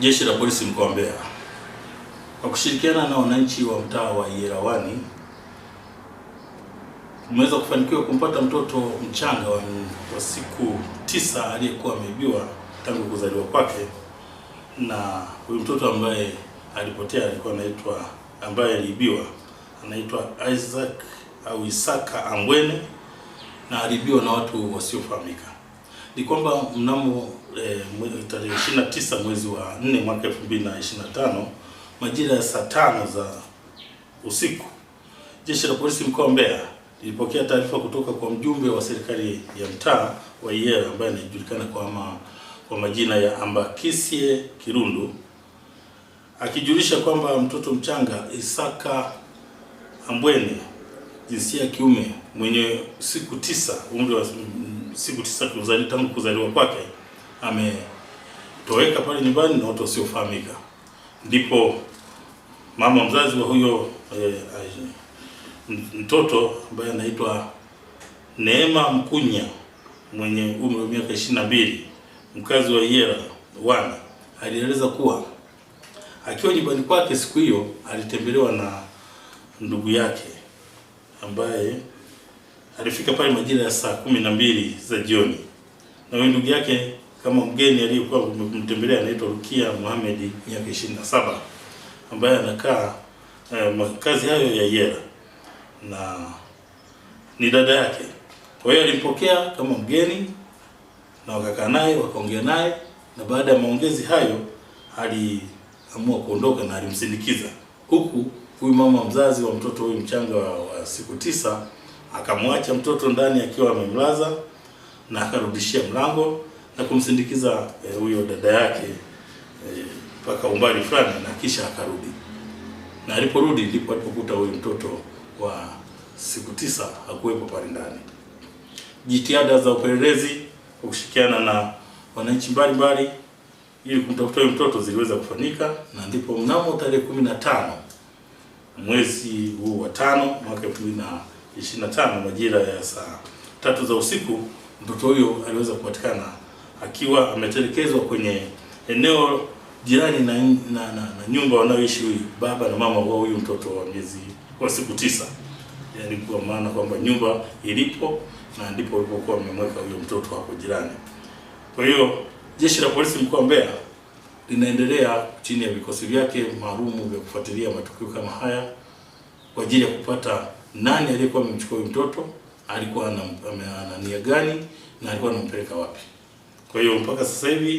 Jeshi la Polisi mkoa wa Mbeya kwa kushirikiana na wananchi wa mtaa wa yerawani umeweza kufanikiwa kumpata mtoto mchanga wa siku tisa aliyekuwa ameibiwa tangu kuzaliwa kwake, na huyu mtoto ambaye alipotea alikuwa anaitwa ambaye aliibiwa anaitwa Isaac au Isaka Ambwene na aliibiwa na watu wasiofahamika ni kwamba mnamo eh, tarehe 29 mwezi wa 4 mwaka 2025 majira ya saa tano za usiku Jeshi la Polisi mkoa wa Mbeya lilipokea taarifa kutoka kwa mjumbe wa serikali ya mtaa wa Iyela ambaye anajulikana kwa, ma, kwa majina ya Ambakisye Kirundu akijulisha kwamba mtoto mchanga Isaka Ambwene jinsia ya kiume mwenye siku tisa umri wa siku tisa kuzali, tangu kuzaliwa kwake ametoweka pale nyumbani na watu wasiofahamika. Ndipo mama mzazi wa huyo eh, eh mtoto ambaye anaitwa Neema Mkunya mwenye umri wa miaka ishirini na mbili mkazi wa Iyela wana alieleza kuwa akiwa nyumbani kwake siku hiyo alitembelewa na ndugu yake ambaye alifika pale majira ya saa kumi na mbili za jioni, na huyu ndugu yake kama mgeni aliyekuwa kumtembelea anaitwa Rukia Mohamed miaka ishirini na saba ambaye anakaa eh, makazi hayo ya Yera na ni dada yake. Kwa hiyo alimpokea kama mgeni na wakakaa naye wakaongea naye, na baada ya maongezi hayo aliamua kuondoka na alimsindikiza, huku huyu mama mzazi wa mtoto huyu mchanga wa, wa siku tisa akamwacha mtoto ndani akiwa amemlaza na akarudishia mlango na kumsindikiza eh, huyo e, dada yake eh, mpaka e, umbali fulani na kisha akarudi, na aliporudi ndipo alipokuta huyo mtoto wa siku tisa hakuwepo pale ndani. Jitihada za upelelezi kwa kushirikiana na wananchi mbalimbali ili kumtafuta huyo mtoto ziliweza kufanyika, na ndipo mnamo tarehe kumi na tano mwezi huu wa tano mwaka elfu mbili na 25 majira ya saa tatu za usiku, mtoto huyo aliweza kupatikana akiwa ametelekezwa kwenye eneo jirani na, na, na, na nyumba wanaoishi huyu baba na mama wa huyu mtoto wa miezi kwa siku tisa, yaani kwa maana kwamba nyumba ilipo na ndipo walipokuwa wamemweka huyo mtoto hapo jirani. Kwa hiyo jeshi la polisi mkoa wa Mbeya linaendelea chini ya vikosi vyake maalumu vya kufuatilia matukio kama haya kwa ajili ya kupata nani aliyekuwa amemchukua huyu mtoto, alikuwa ana nia gani na alikuwa anampeleka wapi. Kwa hiyo mpaka sasa hivi